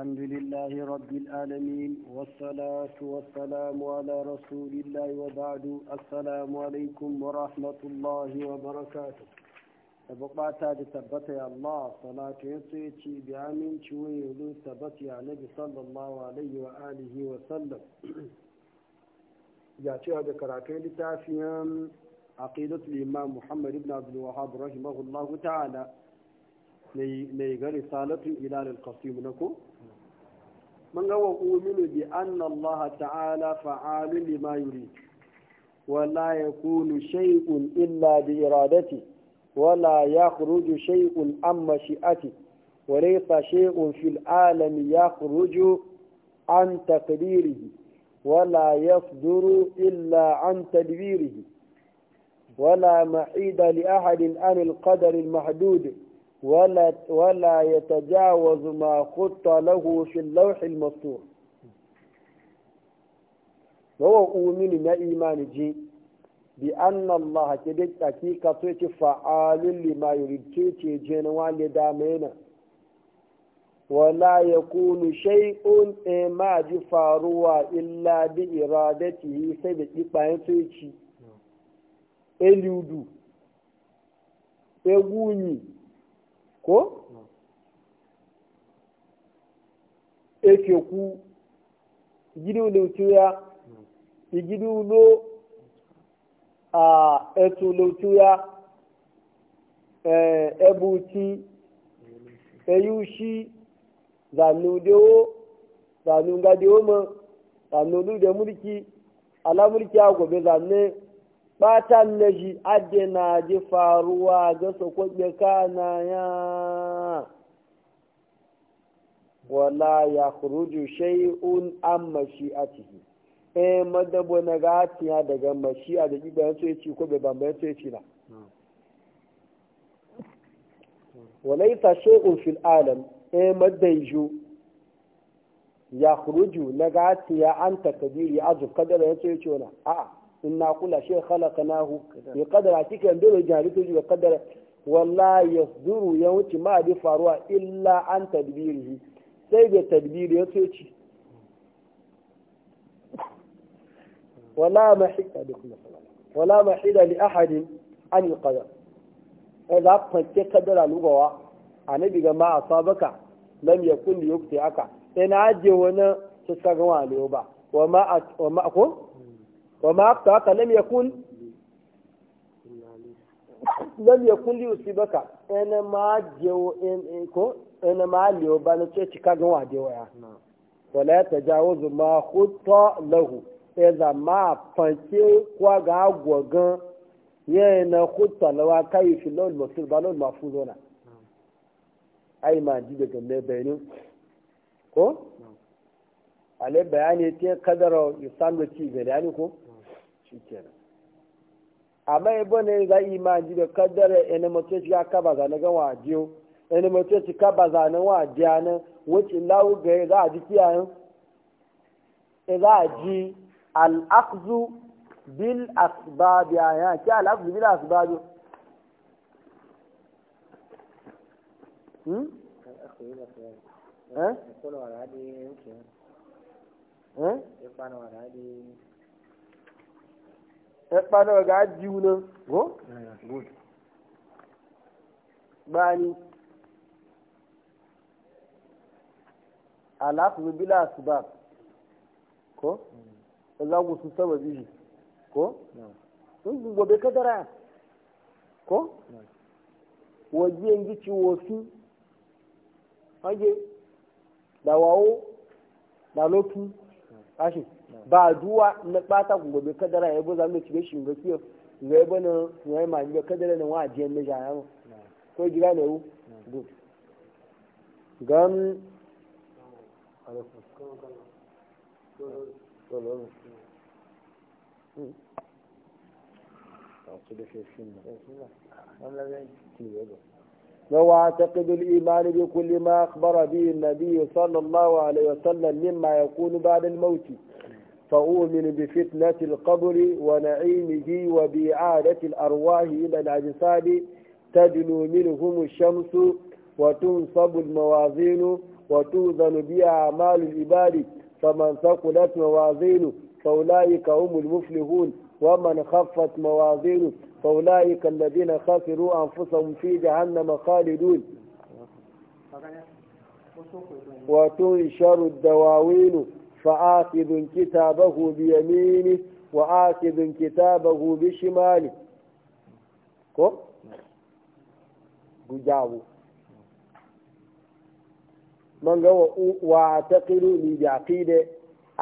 الحمد لله رب العالمين والصلاة والسلام على رسول الله وبعد السلام عليكم ورحمة الله وبركاته تبقى تاج تبت يا الله صلاة يسيتي بعامين شوي يلو تبت يا نبي صلى الله عليه وآله وسلم جاتي هذا كراتين لتافيا عقيدة الإمام محمد بن عبد الوهاب رحمه الله تعالى mai ga risalatun ilalil qasim na ko من هو أؤمن بأن الله تعالى فعال لما يريد ولا يكون شيء إلا بإرادته ولا يخرج شيء عن مشيئته وليس شيء في العالم يخرج عن تقديره ولا يصدر إلا عن تدبيره ولا معيد لأحد عن القدر المحدود ولا ولا يتجاوز ما خط له في اللوح المسطور هو أؤمن ما إيمان جي بأن الله كده حقيقة تويتي فعال لما يريد تويتي جنوان لدامينا ولا يكون شيء ما جفاروا إلا بإرادته سيدة إقبائن تويتي إليودو إغوني ko eke ku gidi ulautuya igidi a etu ulautuya e, ebuti eyushi zanu dewo zanu ngadi omo zanu olu mulki ala mulki agobe zanne batan na ji adde na ji faruwa ga sokwaɓe kana ya wala ya kuruju shay'un an ciki e madabo na gatiya daga a da gidan so yace ko bai bambaye so yace na walaita shay'un fil alam eh madaiju ya kuruju na gatiya an takdiri azu kadara yace yace na a'a inna kula shi khalaqnahu bi qadra kika dole jari to bi qadra walla yasduru ya wuce ma bi faruwa illa an tadbirihi sai da tadbiri ya ci wala mahida da kuma wala mahida li ahadin an alqadar idza fanke qadara lugawa annabi ga ma asabaka lam yakun yukti aka ina na wani su sagawa wa ba wa ma wa ma ko وما أخطأك لم يكن lam yakun li usibaka ene ma jewo en ko ene ma liyo ba na ce cika gan wa dewa ya wala ya tajawuzu ma khutta lahu e za ma fanke kwa ga gogan ye na khutta lawa kai fi lawul mafsir ba lawul ma ko ale bayani te kadara isan da ci ga yani ko shi kenan amma ibo ne za iman ji da kadara ene mutu ci ga kaba za na ga wajiyo ene mace ci ka ba na wajiya na wuce lawo ga za a ji kiyayen za a ji al'aqzu bil asbab ya hmm? eh? ya ki al'aqzu bil asbab hmm eh ẹ̀pá náà gàá jíu náà gò Bani alafu bila asbab ko zagu su sababi ko sun gobe kadara ko waje yanzu ciwo su da wawo da lokin kashi ba duwa na bata ku gobe kadara yabo za mu cike shin gaskiya zai na yayi ma ni kadara na wa jiyan na jaya mu ko yi ne wu good اعتقد الإيمان بكل ما أخبر به النبي صلى الله عليه وسلم مما يكون بعد الموت فأؤمن بفتنة القبر ونعيمه وبإعادة الأرواح إلى الأجساد تدنو منهم الشمس وتنصب الموازين وتوزن بها أعمال العباد فمن ثقلت موازينه فأولئك هم المفلحون ومن خفت موازينه فأولئك الذين خسروا أنفسهم في جهنم خالدون وتنشر الدواوين فآخذ كتابه بيمينه وآخذ كتابه بشماله كو جاو من قال واعتقلوا لي بعقيده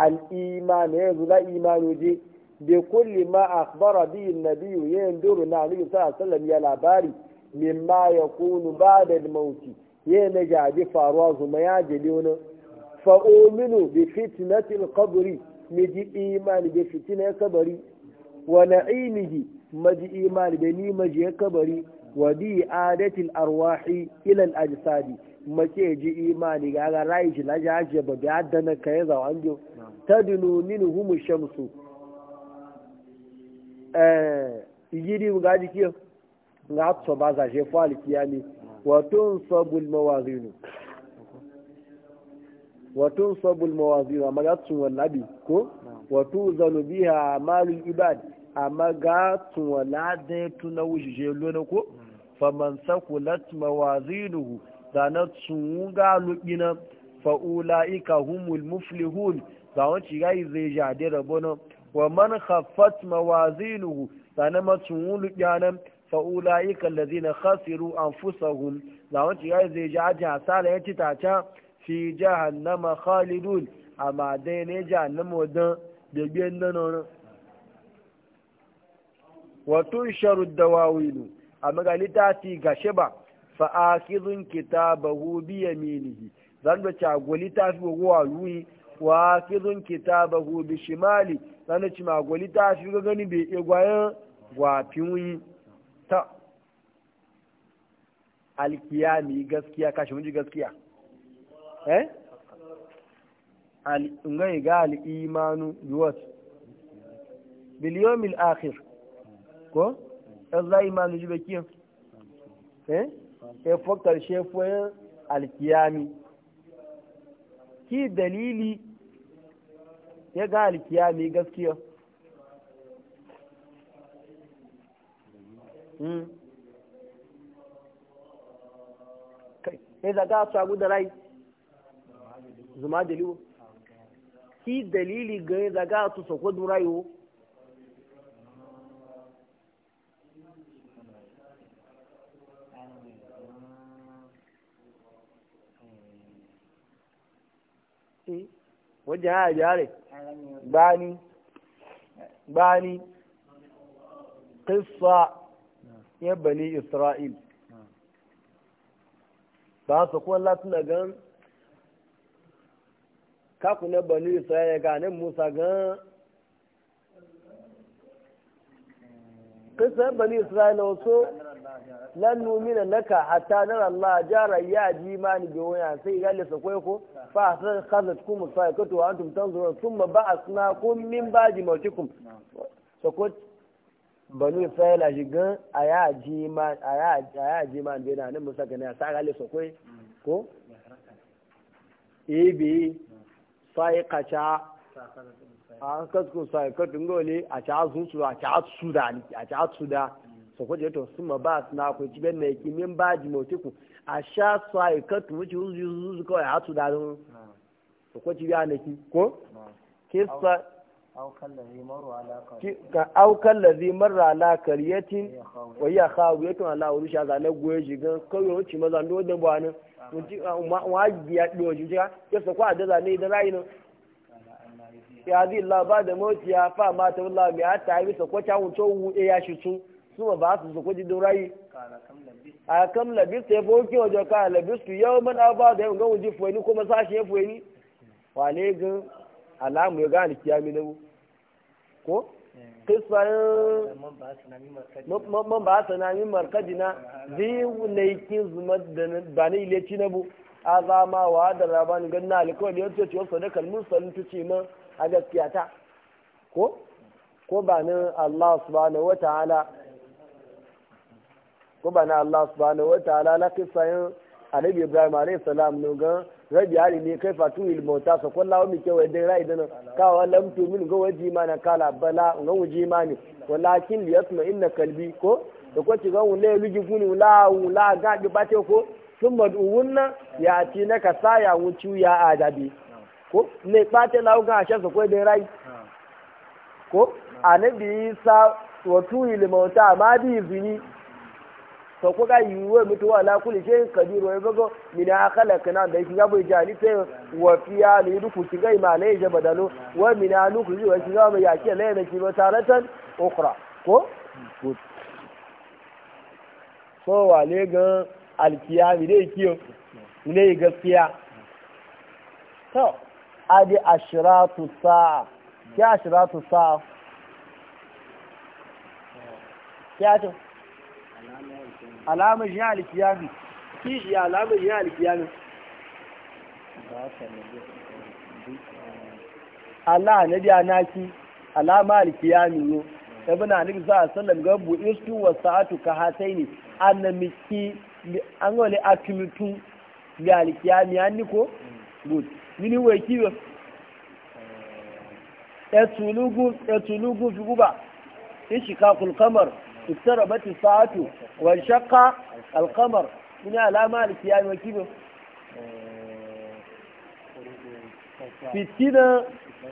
الايمان يزل إيمان جي bi kulli ma akhbara bi an-nabi yanzuru na annabi sallallahu alaihi wasallam ya labari mimma yakunu ba'da al-maut ya na jadi faruwa zuma ya jeli wani fa uminu bi fitnati al-qabri miji imani bi fitnati al-qabri wa na'imihi maji imani bi ni maji al-qabri wa bi adati al-arwahi ila al-ajsadi mace ji imani ga ga rai shi lajaje ba da dana kai zawanjo tadunu minhum shamsu Eh, igiri ga jiki ga nga ba za je fa alkiyami wa tunsabul mawazinu wa tunsabul mawazinu amma ga tsun wallabi ko wa tuzanu biha malul ibad amma ga tsun walade tuna wujije lona ko faman sakulat mawazinuhu zana tsun ga lukina fa ulaika humul muflihun zawon ci ga zai jade rabono wa man khaffat mawazinuhu sana matun wulu kyanan fa'ula'ika lazina khasiru anfusahum za wanci ya zai ji a sala ya ci taca fi jahannama khalidun amma dai ne jahannama wadan da biyan nan wani watun sharu dawawilu a magalita ti gashe ba fa'akizun kitabahu biya minihi zan da cagoli ta fi ruhi wa kitaba kitabahu bi shimali sanin ci magoli ta shi ga gani bai igwayen gwafin ta alkiyami gaskiya kashi mun ji gaskiya eh ngai ga al'imanu biwat biliyomil akhir ko ɗazla imanu ji bakiyan eh efo ƙarshe foyin alkiyami ki dalili ya ga mai gaskiya hmm. ya zaga su abu da rai zuma dalilu ki dalili ga ya zaga su sako rayu wajen haya jare bani bani qissa ya bani isra'il ba su kuma latin da gan kaku na bani isra'il ga nan musa gan qissa bani isra'il wasu lan numina naka hatta nar Allah jara ya ji mani bi waya sai ga lissa koyo ko fa san khazat kum sa'ikatu wa antum tanzuru thumma kum min ba'di mawtikum ko banu isra'ila shigan aya ji man aya aya ji man bi nan musa ga na sa ga lissa koyo ko ibi eh sa'iqata an kasku sa'ikatu ngole a ta su a ta su da a ta su da sokoje to suma ba na hmm. ko ci ben ne ki min ba ji motiku a sha sai ka tu wuce wuzu wuzu ko ya hatu dalun sokoje ya ne ki ko kissa ka aukan lazi marra ala kariyatin wa ya khawiyatun ala wuri za na goye jigan kawai wuce maza ndo da ah. ba nan wa biya do jiga ya sa kwa da za ne da rayin ya zi Allah ba da mawuciya fa mata wallahi ya ta yi sa kwa ta wuce ya shi tun suma ba su su kuji don rayi a kam labis ya foki wajen ka labis tu yau man abu ba da yau ga wuji ni kuma sashi ya fuwani wale gan alamu ya gane kiyami na ko kisayen man ba su na markadi na zai na kin zuma ba na ileci na bu a zama wa da rabani gan na alikawar yau ce ciwon sadakar musulun ta ce man a gaskiya ta ko ko ba ni allah subhanahu wa ta'ala ko ba na Allah subhanahu wa ta'ala la kisayin annabi Ibrahim alayhi salam no ga rabi ali ne kai fatu il mota sa kullahu mi ke wai dai rai dana ka lam min ga waji mana kala bala ga waji mani walakin li yasma inna kalbi ko da ko ci ga un le lugi funi la la ga di bate ko summa nan ya ti na ka saya wucu ya adabi ko ne bate lawo ga sha so ko dai rai ko annabi sa wa tu il mota ma bi zini to ko ga yiwuwa mutuwa la kulli shay kadir wa yabago min akhlaqna da shi gabo jali sai wa fiya li duku shi ga imalai ja badalo wa min anuku ji wa shi ga mai yake lai da shi taratan ukra ko ko so wale ga alkiyami dai kiyo ne gaskiya to adi ashratu sa'a ya ashratu sa'a ya to alamar shi alkiyami ki shi alamar shi alkiyami Allah na biya naki alama alkiyami ne ibn ali sa sallam ga bu istu wa sa'atu ka hataini ne, an wani akimitu ga alkiyami ni ko good mini wai kiwo etulugu etulugu in ishikakul kamar اقتربت الساعة وانشق القمر من علامة الكيان وكيبه fitina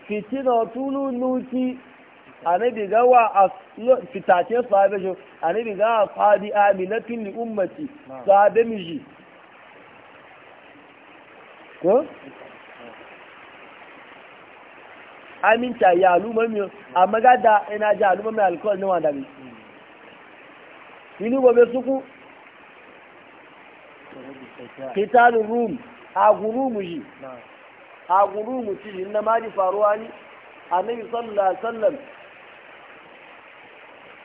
fitina tulu nuki anabi ga wa fitace sahabe jo anabi ga fadi aminatin li ummati sahabe miji aminta ya aluma mi amma ga da ina ji aluma mi alkol ne wanda mi inú bọ̀bẹ̀ súnkú kìtàlù rúùmù agurúùmù yìí agurúùmù tí yìí na máa di faruwa ni annabi sallallahu alaihi wasallam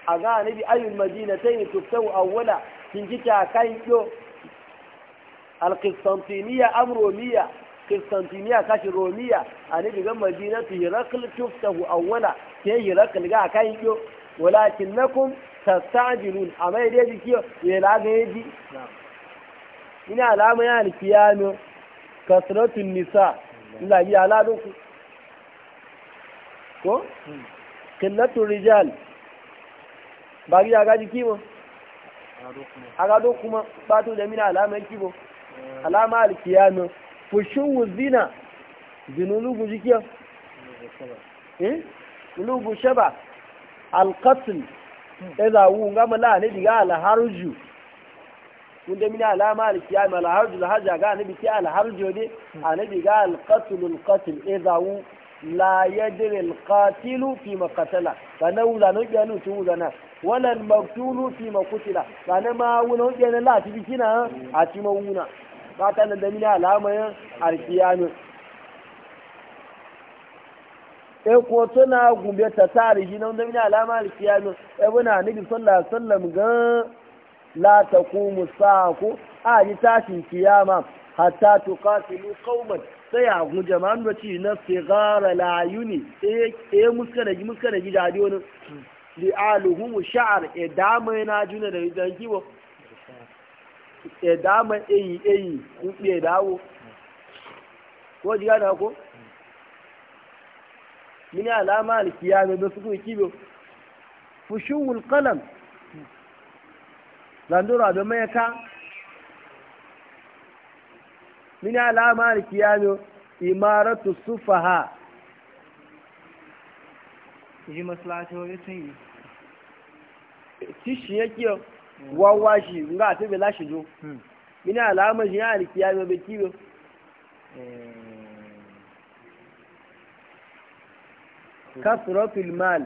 a ga annabi ayyul madina ta yi tuftau awwala kin ji kakan yo alqistantiniya am romiya qistantiniya kashi romiya annabi ga madinatu hirakl tuftahu awwala ke hirakl ga kan yo walakinnakum tastajilun a ya daji kiyo ya laga ya ji ina alama ya alkiyano kasratun nisa ina ji alado ku ko killatun rijal ba gi aga ji kimo aga do kuma ba to da mina alama ya kibo alama alkiyano fushu zina zinulubu jikiyo eh ulubu shaba alqatl ẹzà wu nga mọ̀ láà níbi gá àlàhárùjù wọ́n dẹ́mi ní àlàmà àlìkíyà mi biki làhájà gá níbi tí diga òde àníbi gá àlùkọ́tìlù lùkọ́tìlù ẹzà wù láyé dèrè lùkọ́tìlù fi mọ̀ kàtàlà kàná wù lànà ìjẹ́ ní òtún wù lànà wọ́n lẹ́nu fi mọ̀ kùtìlà kàná máa wù náà ìjẹ́ ní láti bí kí náà àti mọ̀ wù náà bá tẹ́lẹ̀ dẹ́mi ní àlàmà àlìkíyà mi. e ko suna gumbe ta tarihi shi wanda mini mina alama alkiyami e buna nabi sallallahu alaihi wasallam ga la ku musaku a ji tashin kiyama hatta tuqatilu qauman sai a gun jama'an da ci na sigara layuni e ya e, muska da muska da gidaje wani li aluhum sha'ar e dama yana juna da gidan kiwo e dama eyi eyi ku be dawo ko ji gana ko mini alama alkiyame ba su kuma kibe fushuwul kalam zandura da mayaka ka mini alama alkiyame imaratu sufaha yi masalata wani sun yi tishin yake wawa shi nga a tabi lashe jo mini alama shi ya alkiyame ba kibe kasratul mal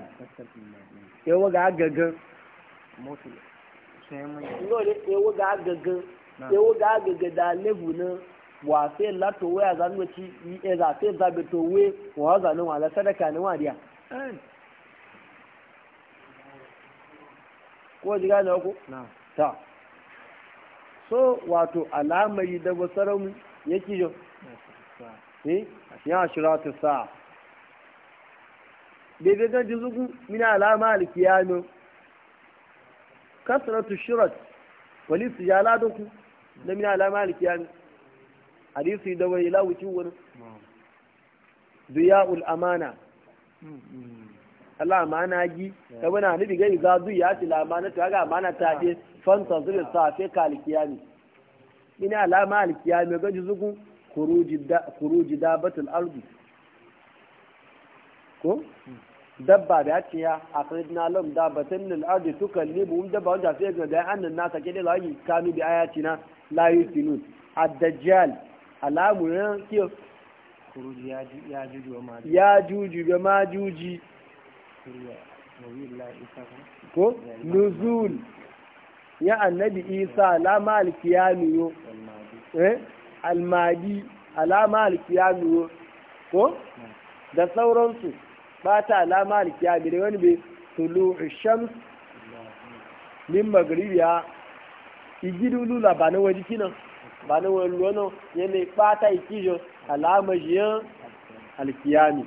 yawa ga gagan yawa ga gagan yawa ga gagan da lebu na wafe lato waya zanwaci e zafe zabe to we wa zanin wala sadaka ne wadiya ko ji gane ku ta so wato alamari da basaramu yake jo eh ya shiratu sa'a daidai gan ji zugu mina alama alkiyano kasratu shirat walisu ya da ku na mina alama alkiyano hadisi da wai lawuci wani duya ul'amana Allah amana gi ta wani hannubi gani za duya ci lamana ta ga amana ta ce fanta zuri safe ka alkiyami ina alama alkiyami gan ji zugu kuruji dabatul ardi ko dabba da ce ya a akhrijna lahum dabbatan lil nemo wani dabba wanda sai ga da annan nasa kide yi kanu bi na layu sinu a dajjal alamu ya kiyo ya juju ga majuji ko nuzul ya annabi isa alama alkiyami yo almadi eh? alama alkiyami yo ko da sauransu bata alama alkiyami da wani bai tulu shams min magribiya igidu lula ba na waje kinan ba na wani ruwanon yana bata ikijo alama jiyan alkiyami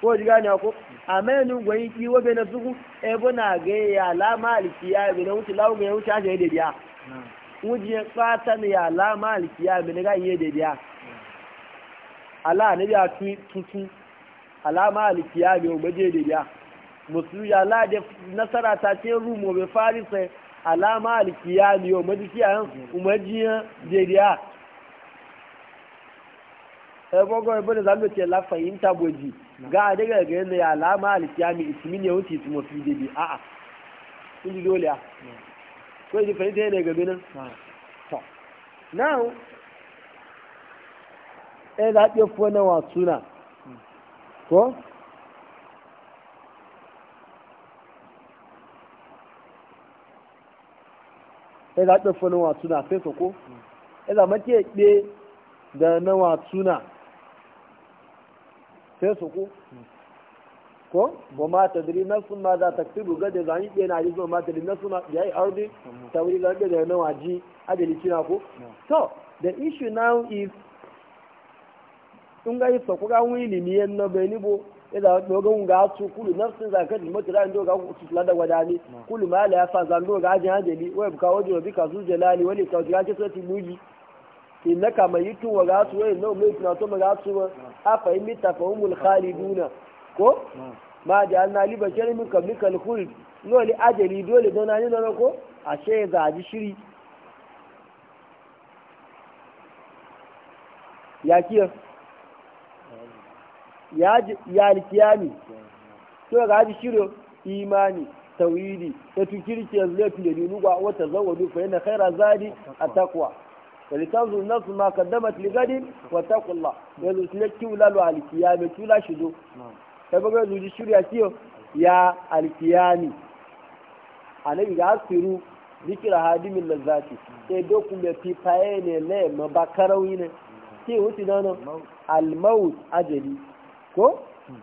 ko ji gane ko a mayanu gwani ki wabe na suku ebo na ga ya alama alkiyami na wuce lawu ga ya wuce ajiye da biya wujiyan bata ne ya alama alkiyami na ga iya da biya ala ne ya tutu alama alikiya ne umaje da ya musulmi ya lade nasara ta ce rumo bai farisa alama alikiya ne umaje kiyayen umajiyan da ya sai gogo ibo bada zamu ce la fahimta boji ga daga ga yana ya alama alikiya ne ismin ya wuce su mafi da a a kun ji dole a ko ji fahimta ne ga binin to now eh zaɓe ke fona wa suna ko sai za ɗin funin wasu na sai ko ya zama ke ɗe da na wasu na sai ko ko wa ma na sun ma za ta tudu gade za ni ɗena ji ma tadri ma ya yi ardi ta wuri da na waji adali kina ko so the issue now is nga yi sɔkò ka ŋun ilimi yɛ ni bo nibo ɛdá ɔgbɛ ŋun gaa tu kulu nɔfisi zan kɛ tuma tura ndo ka tutula da wadani kulu maa lɛ afa zan do ka jɛn jeli wɛb ka o jɔ bi ka su jɛlaani wali ka tiga kɛ sɛ ti buji inna ka ma yi tun wa gaa tu wɛ n'o mɛ tuna to ma gaa tu ma afa yi mi ta fa umul khali ko ma jɛ an na ali bɛ kyɛnɛ min ka mi kali kul n'o li ajeli dole dɔnna yi nɔnɔ ko a sɛ zaaji shiri. ya kiyo ya alkiyami to ga ji shiro imani tawhidi da tukirce zai da dinuwa wata zawadu fa yana khaira zadi ataqwa walitanzu nafsu ma qaddamat li gadin wa taqullah yanzu tilaki ulalu alkiyami shi shido sai ba ga ji shiro ya kiyo ya alkiyami anabi ga asiru zikira hadimin zafi. sai dokun da fifaye ne ne mabakarawi ne ke wuce da almaut ajali ko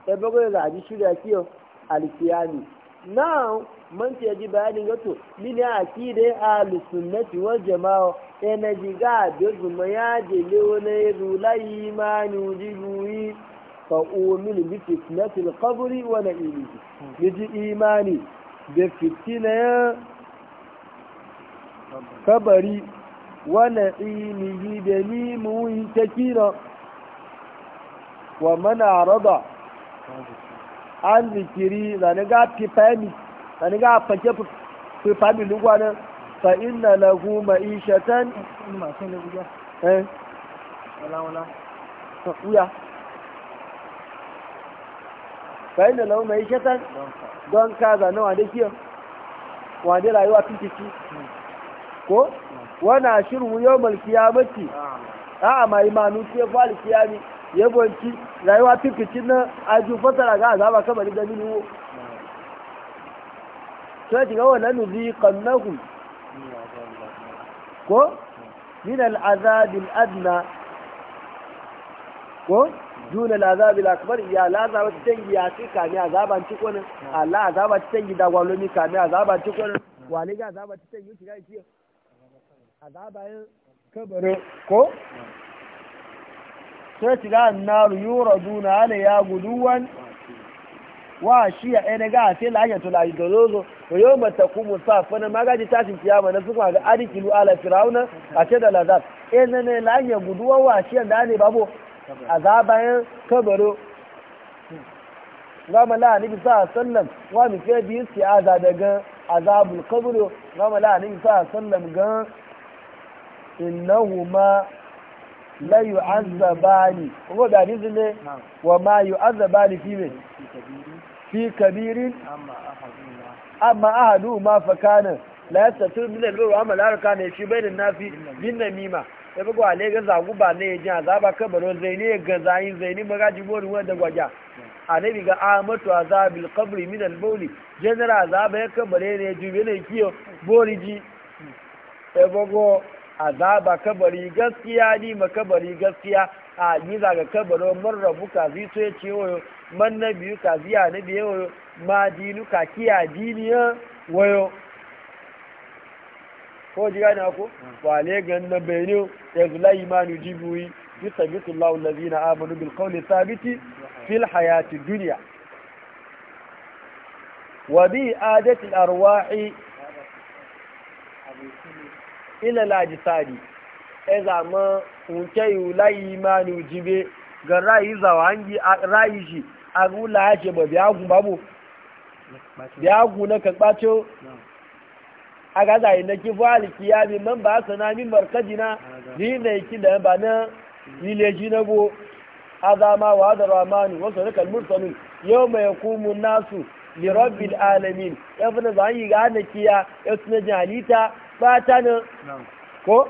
sai bago da ji shirya kiyo alkiyami now man ce ji bayanin gato mini a ki dai a lusunnati wal jama'a ji ga da zuma ya je le wani rula imani jiruyi fa umil bi fitnati al qabri wa na'imi yaji imani da fitina ya kabari wa na'imi da ni mu yi takira wa mana rada an zikiri ni ga pipami ni ga fanke lugwa ne. fa inna lahu ma'ishatan eh lau mai uya don ka zane wa da kiyo wa da rayuwa fitiki ko wana shirhu yawmal mace? a'a mai manu ce fa al ne. yabonci rayuwa fificin na aju fasara ga azaba kamar da mini wo sai ki ga wannan nuzi qannahu ko min al'azab al'adna ko dun al'azab al'akbar ya la azaba tangi ya ci ka a azaban ci ko ne Allah azaba ci tangi da gwalo ni ka ne azaban ci ko ne wani ga azaba ci tangi ki ga ci azaba ko sai ci ga annaru yura duna ala ya guduwan wa shi ya ɗaya ga sai lahiyar tula yi da zozo to yau ta kuma sa fana magaji tashin kiyama na suka ga arikilu ala firawuna a ce da lazar ɗaya eh, na ne lahiyar guduwan wa shi yadda ne babo a zabayan kabaro gama la nabi sa sallam wa mi ke bi aza daga azabul qabr gama la nabi sa sallam ga innahuma la yu'azzabani ko da ni zile wa ma yu'azzabani fi me fi kabirin amma ahadu ma fa kana la yastatir min al-birr wa amal arka ne shi bayin nafi bin namima ya bugu a ne ga zagu ba ne ya ji azaba kabaro zaini ga zayin zaini magaji bori wanda gwaja annabi ga amatu azabil qabri min al-bawli general azaba ya kabare ne jube ne kiyo boriji hmm. ya bugu azaba kabari gaskiya ni ma kabari gaskiya a ni zaga kabaro mun rabu ka zai so ya wayo man na biyu ka ziya na biyu wayo ma dinu ka kiya diniya wayo ko ji gane ko wale gan na bayinu ya zula imanu jibuyi يثبت الله الذين آمنوا بالقول الثابت في الحياة الدنيا وبإعادة arwahi ila lajisari e zama nke yi ma ni ujibe ga rayi zawa hangi rayi shi a gula ya ce ba biyagu babu biyagu na kakbacho a gaza yi na kifo ya bi man ba su na min markaji na ni na yaki da ba na nileji na go azama wa ma ramanu wasu na kalmursalin yau mai hukumun nasu lirabbil alamin ya fi na zan yi ga hannakiya ya suna jihalita bata nan ko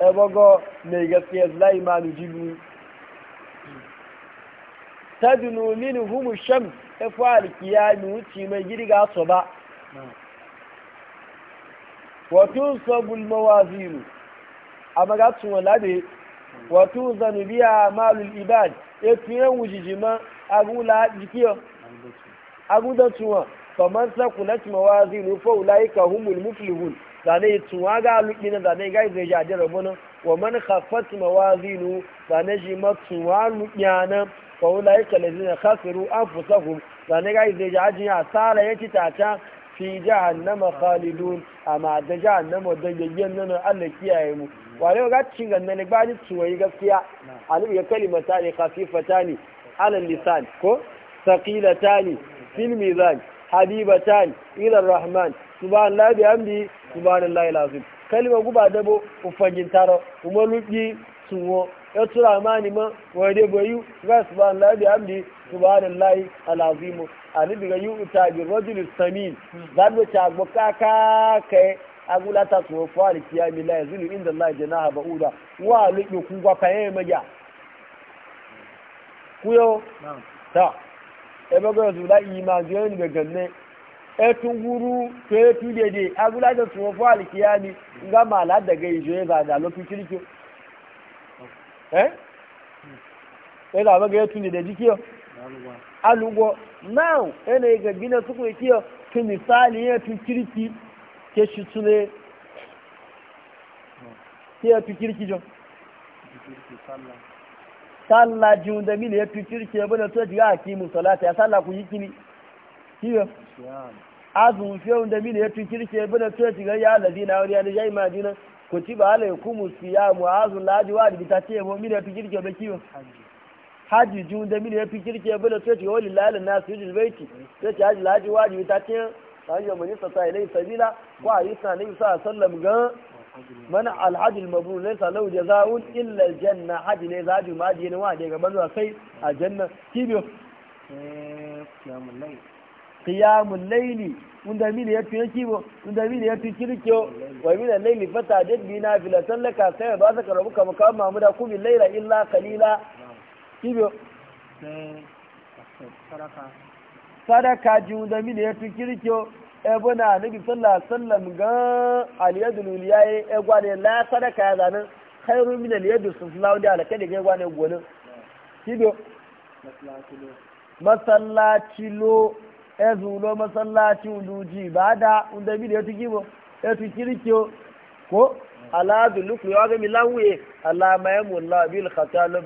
ebogo mai gaskiya zai manu jibu ta dunu mini humu sham efu alkiya mi wuce mai girga su ba wato sabul mawazinu a magatun walabe wato zanubiya malul ibad ya fiye wujijima agula jikiyo agudatuwa faman sakulat mawazinu fa ulaika humul muflihun zane tuwa ga lukina zane ga zai ja da rabona wa man khaffat mawazinu zane ji matuwa lukiyana fa ulaika lazina khasiru anfusahum zane ga zai ja ajin asara yake tata fi jahannama khalidun amma da jahannama da gaggen nan Allah kiyaye mu wale ga cingan nan ba ni tuwayi gaskiya alibi ya kalimata ne khafifata ne alal lisan ko saqilatani fil mizan habibatan ila rahman subhanallahi bihamdi subhanallahi alazim kalima guba dabo ufajin taro kuma lubi sunwo ya tura mani ma wade bayu ga subhanallahi bihamdi subhanallahi alazim ani diga yu uta bi rajul samin zalwa ta gbaka ka kai agula ta sunwo fari kiyami la yazulu inda allahi janaha ba'uda wa lubi ku gwa faye maja kuyo ta ẹgbẹ́gbẹ́ tó láyé da àti ẹ̀yìn gbẹ̀gàn náà ẹtun wuru tó ẹtun dédé agúlájọ tó wọ́n nga máa ládàgẹ́ ìṣó ẹ̀zà àdà ló fi kíríkì ẹ́ ẹ̀zà àbẹ́gẹ́ ẹtun dédé jí kí ọ. alùgbọ́ náà ẹnì gẹ̀gẹ́ náà tó kù kí ọ kí mìsáàlì yẹn tún kíríkì kí ṣi tún lé jọ. sallah jiun da mini ya cirke ke bane to jiga mu salata ya sallah ku yi kini kiyo azun fiyon da mini ya cirke ke bane to jiga ya ladina wani ya jai madina ku ci ba ala yakumu siyamu azun laji wa digita ce mu mini ya fi cirke bane kiyo haji jiun da mini ya cirke ke da to jiga wani lalin nasu yujil baiti to ci haji laji wa digita ce sahiyo mani sasa ilai sabila ko a yi yi sa sallam gan man alhajjul mabrur laysa lahu jazaa'un illa janna, haji ne za ju maji ne wa daga banza sai aljanna kibiyo qiyamul layli unda mini yatu yakibo unda mini yatu kirkyo wa min al-layli fata jadbi na fila sallaka sai ba zaka rabu kama kama mamuda kubi layla illa qalila kibiyo sadaka ji unda mini yatu kirkyo ebe na nabi sallallahu alaihi wasallam ga aliyadul ya e la sadaka ya zanin khairu min aliyadul sufla wanda alaka da ya gwane gwanin kido masallaci lo e masallaci uluji ba da unda bi da ya tuki mo ya ko ala duluk ya ga milanwe ala maymullah bil khatalo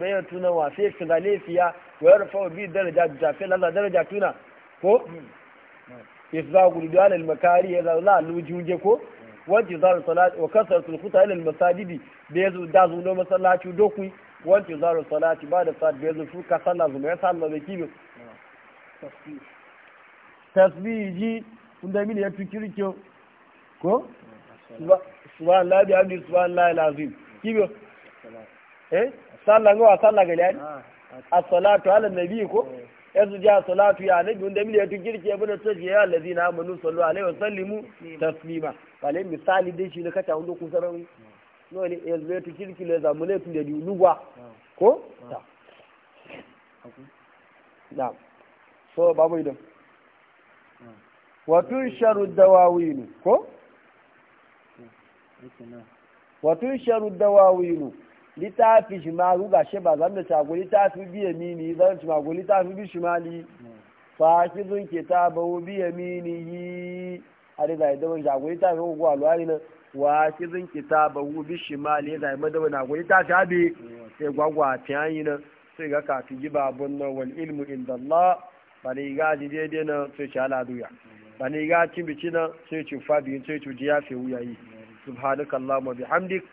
wa fi wa yarfa bi daraja daraja tuna ko izagudan al-makari ya zauna a lujuje ko wanci zaru salati wa kasar sulkuta ilil masajidi da ya da zuno masallaci dokui wanci zaru ba da sad da ya zuru ka sanna zuma ya sanna da kilo tasbihi ji kun da ya fi kirki ko suwan labi abin suwan layi lazim kibo eh sallan gawa sallan gani a salatu ala nabi ko yanzu jiya salatu ya nabi wanda mili ya kirki da bada tsaji ya allazi na amanu sallu alaihi wasallimu taslima bale misali dai shi na kacha wanda kun sarari no ne yanzu ya kirki le zamu ne tun da lugwa ko ta na so babu idan wa sharu dawawinu ko wa sharu dawawinu litafi shi ma ruga shi ba zan da shago littafi biya mini zan ci mago littafi bi shi mali fa ki zun ke ta ba wo biya mini yi a da zai da shago littafi ko gwa alwari nan wa ki zun ke ta ba wo bi shi mali da ma da na go littafi abi sai gwagwa ta yi na sai ga ka ji babun nan wal ilmu inda Allah ba ne ga ji daidai nan sai ci ala duya ba ne ga cin bici nan sai ci fabi sai ci jiya fe wuya yi subhanakallahumma bihamdika